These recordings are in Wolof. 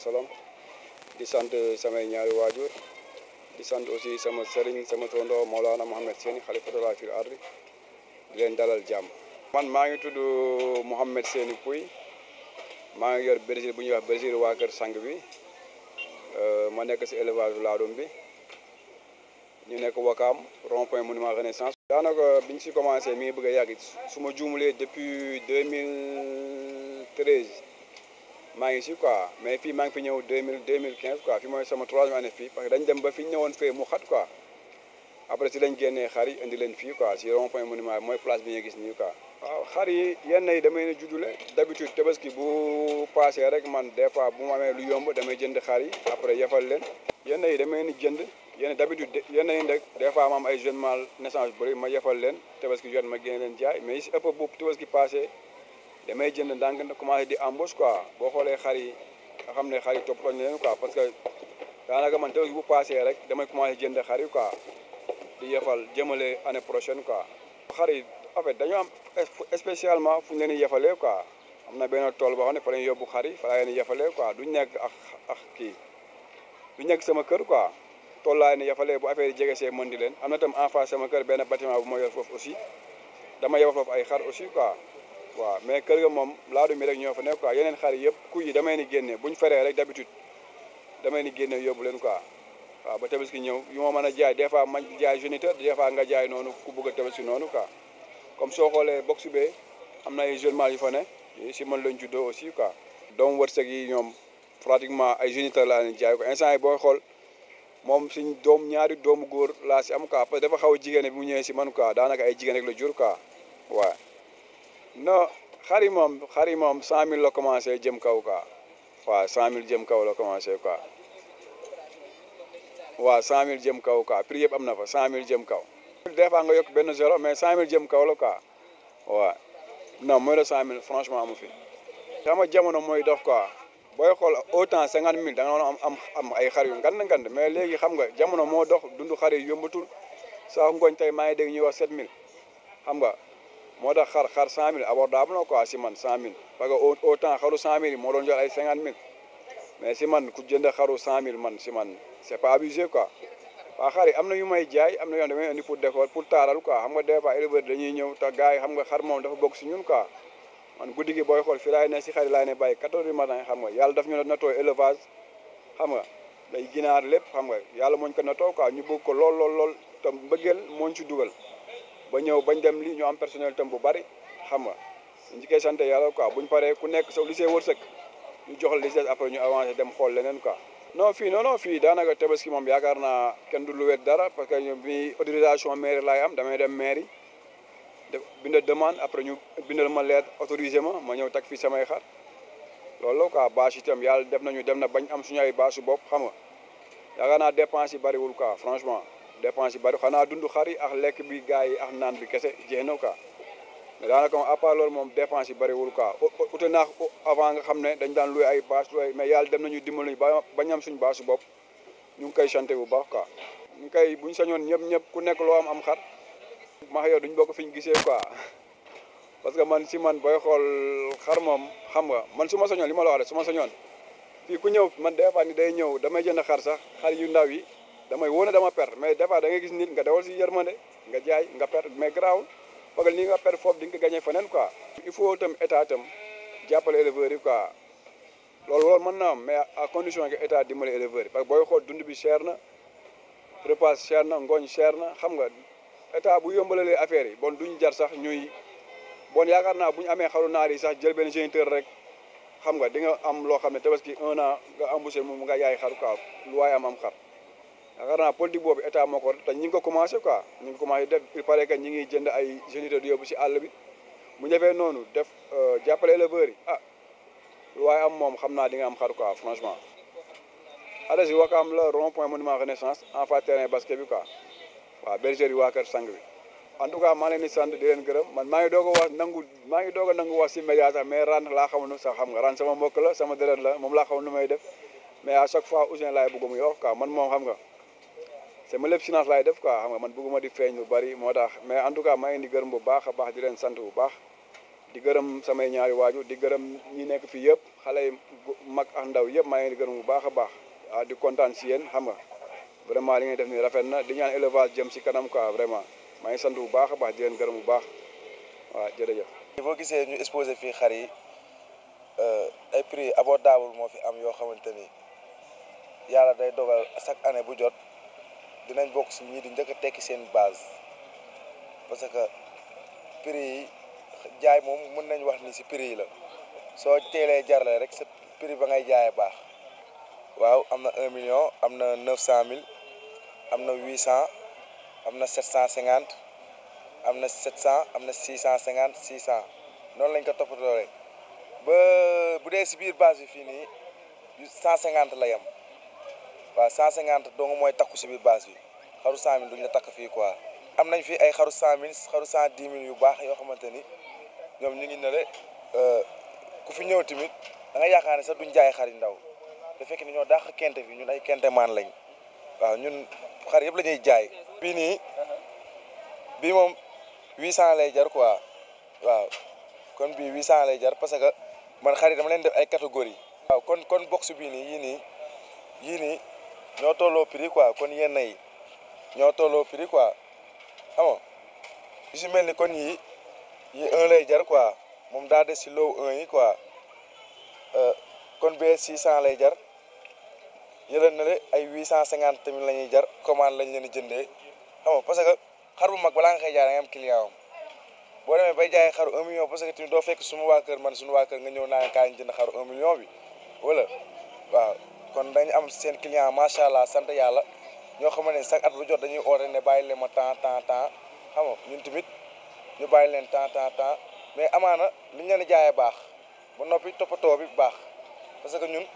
solom di sant samay ñaari waajur di sant aussi sama sëriñ sama moo tondoo Maulana Mohamed Seni xalifatullah fil ardi di leen dalal jàmm. man maa ngi tudd Mohamed Seni Pouy maa ngi yor bergerie bu ñuy wax bergerie waa kër sang bi euh, ma nekk si élevage laadum bi ñu nekk Wakaam rond point monument renaissance. daanaka biñ si commencé mi ngi bëgg a yàgg su ma juumulee depuis 2013. maa ngi si quoi mais fii maa ngi fi ñëw 2000 2015 quoi fii mooy sama troisième année fii parce que dañ dem ba fi ñëwoon fee mu xat quoi après si lañ génnee xar yi indi leen fii quoi si rond point monument mooy place bi nga gis nii quoi. waaw xar yi yenn yi damay ne juddule d'habitude tabaski bu passé rek man des fois bu ma amee lu yomb damay jënd xar yi après yefal leen yenn yi damay ni jënd yenn d'habitude yenn yi nag des fois ma ay jeunes mâles naissance ma yefal leen tabaski jot ma génne leen jaay mais si ëpp bu tabaski passé. damay jënd ndànk na commencé di embauche quoi boo xoolee xar yi nga xam ne xar yi toppatoo leen quoi parce que daanaka man taw bu passé rek damay commencé jënd xar yi quoi di yefal jëmale année prochaine quoi. xar yi en fait dañoo am spécialement fu ñu leen yefalee quoi am na benn tool boo xam ne fa lañ yóbbu xar yi fa laa leen yefalee quoi duñ nekk ak kii duñ nekk sama kër quoi. tool laa leen yefalee bu affaire jege see mën di leen am na tam en face sama kër benn bâtiment bu ma yor foofu aussi dama yefal foofu ay xar aussi quoi. waaw mais kër ga moom laadu mi rek ñoo fa nekk quoi yeneen xar yëpp ku yi damay ni génne buñ feree rek d'habitude damay ni génne yóbbu leen quoi waaw ba tabaski ñëw yu ma mën a jaay des fois ma jaay géniteur des fois nga jaay noonu ku bëgg a tabaski noonu quoi comme soo xoolee box bee am na ay jeunes mâles yu fa ne si man lañ juddoo aussi quoi doomu wërsëg yi ñoom pratiquement ay géniteur laa leen jaay ko instant yi booy xool moom suñ doom ñaari doomu góor laa si am quoi parce que xaw jigéen mu ñëwee si man quoi daanaka ay jigéen la jur quoi waaw non xari moom xar moom cent mille la commencé jëm kaw quoi waaw cent mille jëm kaw la commencé quoi waaw cent mille jëm kaw quoi prix yëpp am na fa cent mille jëm kaw. des fois nga yokk benn zéro mais cent mille jëm kaw la quoi waaw non mooy la cent mille franchement amu fi. xam nga jamono mooy dox quoi booy xool autant cinquante mille da nga doon am am ay xar yu ngand ngand mais léegi xam nga jamono moo dox dundu xar yi yombatul ngoñ ngooñ tey maa ngi dégg ñuy wax sept mille xam nga. moo tax xar xar cent mille abordable na quoi si man cent mille parce que au au temps xaru cent mille moo doon jox ay cinquante mille mais si man ku jënd xaru cent mille man si man c' est pas abusé quoi waa xar yi am na yu may jaay am na yoo xam damay indi pour décor pour taaral quoi xam nga des fois éleveur dañuy ñëw te moom dafa bokk si ñun quoi man guddi gi booy xool fii laay ne si xar yi laay ne bàyyi quatorze du matin xam nga yàlla daf ñu natoo élevage xam nga day ginaar lépp xam nga yàlla mooñ ko natoo quoi ñu bëgg ko lool lool lool te mbëggeel mooñ ci dugal ba ñëw bañ dem li ñu am personnel tam bu bari xam nga ñu koy sant yàlla quoi buñ paree ku nekk sa lycée wërsëg ñu jox la lycée après ñu avancé dem xool leneen quoi. noon fii non non fii daanaka tabaski moom yaakaar naa kenn du lu wet dara parce que ñu bi autorisation mairie laay am damay dem mairie def bind demande après ñu bindal ma lettre autorisé ma ma ñëw teg fii samay xar loolu la quoi bâche itam yàlla def nañu dem na bañ am suñu ay bâche bopp xam nga yaakaar naa dépense yi bariwul quoi franchement. dépense yu bari xanaa dund xar yi ak lekk bi gars yi ak naan bi kese jeex na quoi mais daanaka moom à loolu moom dépense yi bariwul quoi ute naax avant nga xam ne dañ daan loué ay bâche loué mais yàlla dem nañu dimbali ba bañam suñu bâche bopp ñu ngi koy chanté bu baax quoi ñu ngi koy buñ sañoon ñëpp ñëpp ku nekk loo am am xar max yow duñ bokk fi ñu gisee quoi parce que man si man booy xool xar moom xam nga man su ma sañoon li ma la wax rek ma sañoon fii ku ñëw man des fois ni day ñëw damay jënd xar sax xar yu ndaw yi damay wóone dama per mais des fois gis nit nga dawal si yërmande nga jaay nga per mais graw parce que li nga per foofu di nga ko gagné feneen quoi. il faut tam état tam jàppale éleveurs yi quoi loolu loolu mën naa mais à condition que état dimbale éleveurs yi parce que booy xool dund bi cher na repas cher na ngooñ cher na xam nga état bu yombalalee affaires yi bon duñu jar sax ñuy bon yaakaar na bu ñu amee xaru naar yi sax jël benn géniteur rek. xam nga di nga am loo xam ne tabaski un an nga embauché moom nga yaay xar quoi lu waaye am am xar yaakaar naa politique boobu état moo ko te ñi ngi ko commencé quoi ñi ngi def il paraît que si àll bi bu ñu noonu def euh, jàppale éleveurs yi ah waaye am moom xam naa di nga am xar quoi franchement adresse yi Wakaam la rond point monument renaissance en face terrain basket bi quoi waaw bergerie waa kër sang bi en tout cas maa leen di sant di man maa ngi doog a wax nangu maa a si média sax mais ren laa xamul sax xam nga ren sama mbokk la sama deret la moom fois Ouzin moom xam nga sama lépp finance laay def ko xam nga man bëgguma di feeñ lu bari moo tax mais en tout cas maa ngi di gërëm bu baax a baax di leen sant bu baax di gërëm samay ñaari waajur di gërëm ñi nekk fii yëpp xale yi mag ak ndaw yëpp maa ngi di gërëm bu baax a baax ah di kontaan si yéen xam nga vraiment li ngay def nii rafet na di ñaan élevage jëm si kanam quoi vraiment maa ngi sant bu baax a baax di leen gërëm bu baax waaw jërëjëf. boo gisee ñu exposé fii xar yi euh, ay prix abordable moo fi am yoo xamante ni yàlla day dogal chaque année bu jot. dinañ bokk si ñii di njëkk tekki seen base parce que prix yi jaay moom mun nañ wax ni si prix yi la soo teelee jarle rek sa prix ba ngay jaay a baax waaw am na un million am na neuf cent mille am na huit cent am na sept cent cinquante am na sept cent am na six cent cinquante six cent noonu lañ ko toppatoo rek ba bu dee si biir base yi fii nii cent cinquante la yem waaw 150 dong mooy takk si biir base bi xaru 100000 duñ la takk fii quoi am nañ fi ay xaru 100000 xaru 110000 yu baax yoo xamante ni ñoom ñu ngi ne le euh, ku fi ñëw tamit da yaakaar ne sax duñ jaay xar ndaw te fekk ni ñoo dàq kente fi ñun ay kente maan lañ waaw ñun xar yëpp lañuy jaay. bii nii bii moom 800 lay jar quoi waaw kon bii 800 lay jar parce que man xar yi dama leen def ay catégorie waaw kon kon box bii nii yii ñoo tolloo prix quoi kon yenn ñoo tolloo prix quoi xam nga yu si mel ni kon yi yi un lay jar quoi moom daa des si loow un yi quoi euh, kon bee six cent lay jar yële na ay huit cent cinquante tamit la ñuy jar commande lañ leen di jëndee xam parce que xar bu mag balaa nga koy jaay da am client boo demee bay jaayee xaru un million parce que tamit doo fekk suma waa kër man suñu waa kër nga ñëw naa kaa ñu jënd xaru un million bi wala waaw. kon dañu am seen client macha allah sant yàlla ñoo xam ne chaque at bu jot dañuy oote ne bàyyi leen ma temps temps temps xam nga ñun tamit ñu bàyyi leen temps temps temps mais amaana li ñu leen jaayee baax ba noppi toppatoo bi baax parce que ñun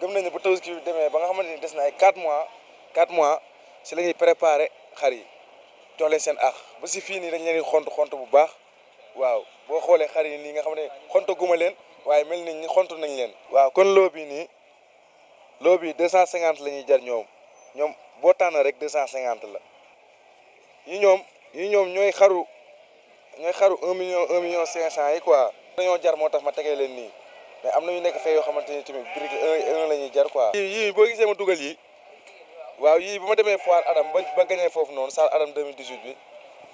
gëm nañu ba tabaski bi demee ba nga xamante ni des na ay 4 mois 4 mois si lañuy ñuy préparer xar yi jox leen seen ax ba si fii nii dañ leen di xont xont bu baax waaw boo xoolee xar yi nii nga xam ne xontu guma leen waaye mel ni ñi xontu nañ leen. waaw kon loo nii. loo bi deux cent cinquante lañuy ñuy jar ñoom ñoom boo tànn rek deux cent cinquante la yi ñoom yi ñoom ñooy xaru ñooy xaru un million un cinq cent yi quoi dañoo jar moo tax ma tegee leen nii mais am na ñu nekk fee yoo xamante ni tamit brique un jar quoi yii yii boo gisee ma dugal yi waaw yii ba ma demee foire Adam ba ba gañee foofu noonu salle Adam 2018 bi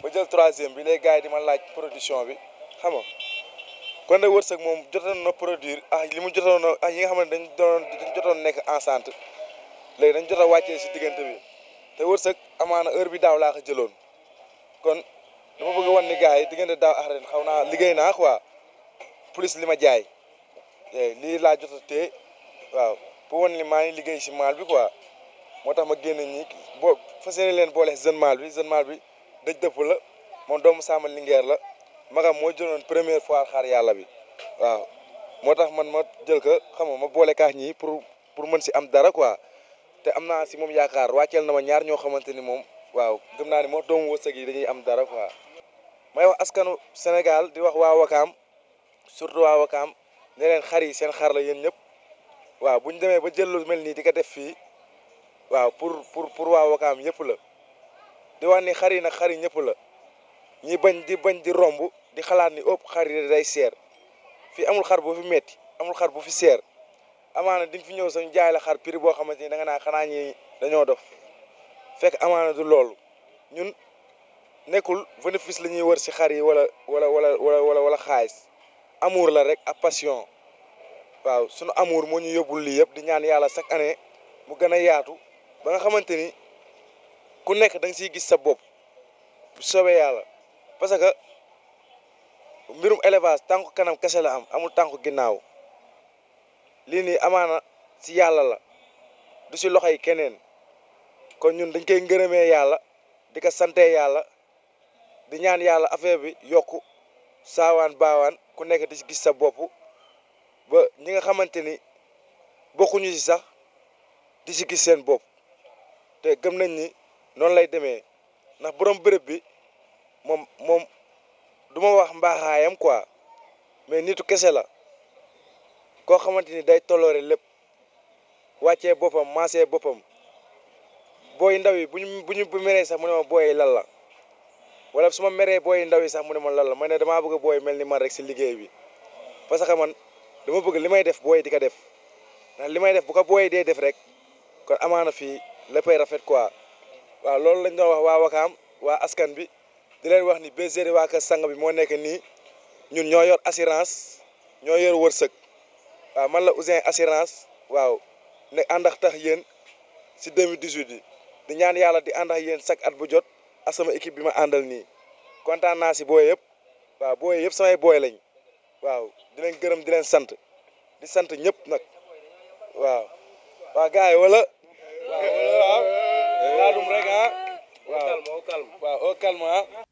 ba jël troisième bi les gars yi di ma laaj production bi xam nga kon nag wërsëg moom jotoon na produire ah li mu jotoon na ah yi nga xam ne dañ doon dañ jotoon nekk enceinte léegi dañ jot a wàccee si diggante bi te wërsëg amaana heure bi daaw laa ko jëloon kon dama bëgg wan ni gars yi diggante daaw ak ren xaw naa liggéey naa quoi plus li ma jaay lii laa jot a waaw pour wan ni maa ngi liggéey si maal bi quoi moo tax ma génn ñi boo fas yéene leen boole jeune maal bi jeune maal bi daj dëpp la moom doomu Samba Linguère la. magam moo jëloon première fois xar yàlla bi waaw moo tax man ma jël ko xam ma boole kaax ñii pour pour mën si am dara quoi te am naa si moom yaakaar wàcceel na ma ñaar ñoo xamante ni moom waaw gëm naa ni moo doomu wërsëg dañuy am dara ko may wax askanu Sénégal di wax waa Wakaam surtout waa Wakaam ne leen xar yi seen xar la yéen ñëpp waaw bu ñu demee ba jël lu mel nii di ko def fii waaw pour pour pour waa ñëpp la di wax ni xar yi nag xar yi ñëpp la ñi bañ di bañ di romb. di xalaat ni ëpp xari yi day seer fii amul xar bu fi metti amul xar bu fi seer amaana diñ fi ñëw sañ ñu jaay la xar prix boo xamante ni da nga xanaa ñi dañoo dof fekk amaana du loolu ñun nekkul bénéfice la ñuy wër si xar yi wala wala wala wala wala xaalis amour la rek ak passion waaw sunu amour moo ñu yóbbul lii yëpp di ñaan yàlla sak année mu gën a yaatu ba nga xamante ni ku nekk da nga siy gis sa bopp bu soobee yàlla parce mbirum élevage tànku kanam kese la am amul tànku ginnaaw lii nii amaana si yàlla la du si loxo yi keneen kon ñun dañ koy ngërëmee yàlla di ko santee yàlla di ñaan yàlla affaire bi yokku saawaan baawaan ku nekk di si gis sa bopp ba ñi nga xamante ni bokkuñu si sax di si gis seen bopp te gëm nañ ni noonu lay demee ndax borom bërëb bi moom moom du ma wax mbaaxaayam quoi mais nitu kese la koo xamante ni day tolloore lépp wàccee boppam mase boppam booy ndaw yi bu ñu bu ñu meree sax mu ne ma booy lan la wala su ma meree booy ndaw yi sax mu ne ma lan la ma ne damaa bëgg booy mel ni man rek si liggéey bi parce que man dama bëgg li may def booy di ko def ndax li may def bu ko booy dee def rek kon amaana fii léppay rafet quoi waaw loolu lañ doon wax waa Wakaam waa askan bi. di leen wax ni bergerie waa kër sang bi moo nekk ni ñun ñoo yor assurance ñoo yor wërsëg waaw man la Ouzin assurance waaw ne ànd tax yéen si 2018 bi di ñaan yàlla di ànd ak yéen chaque at bu jot ak sama équipe bi ma àndal nii kontaan si booy yëpp waaw booy yëpp samay booy lañ waaw di leen gërëm di leen sant di sant ñëpp nag waaw waa gars wala waaw waaw ah, laadum rek ah.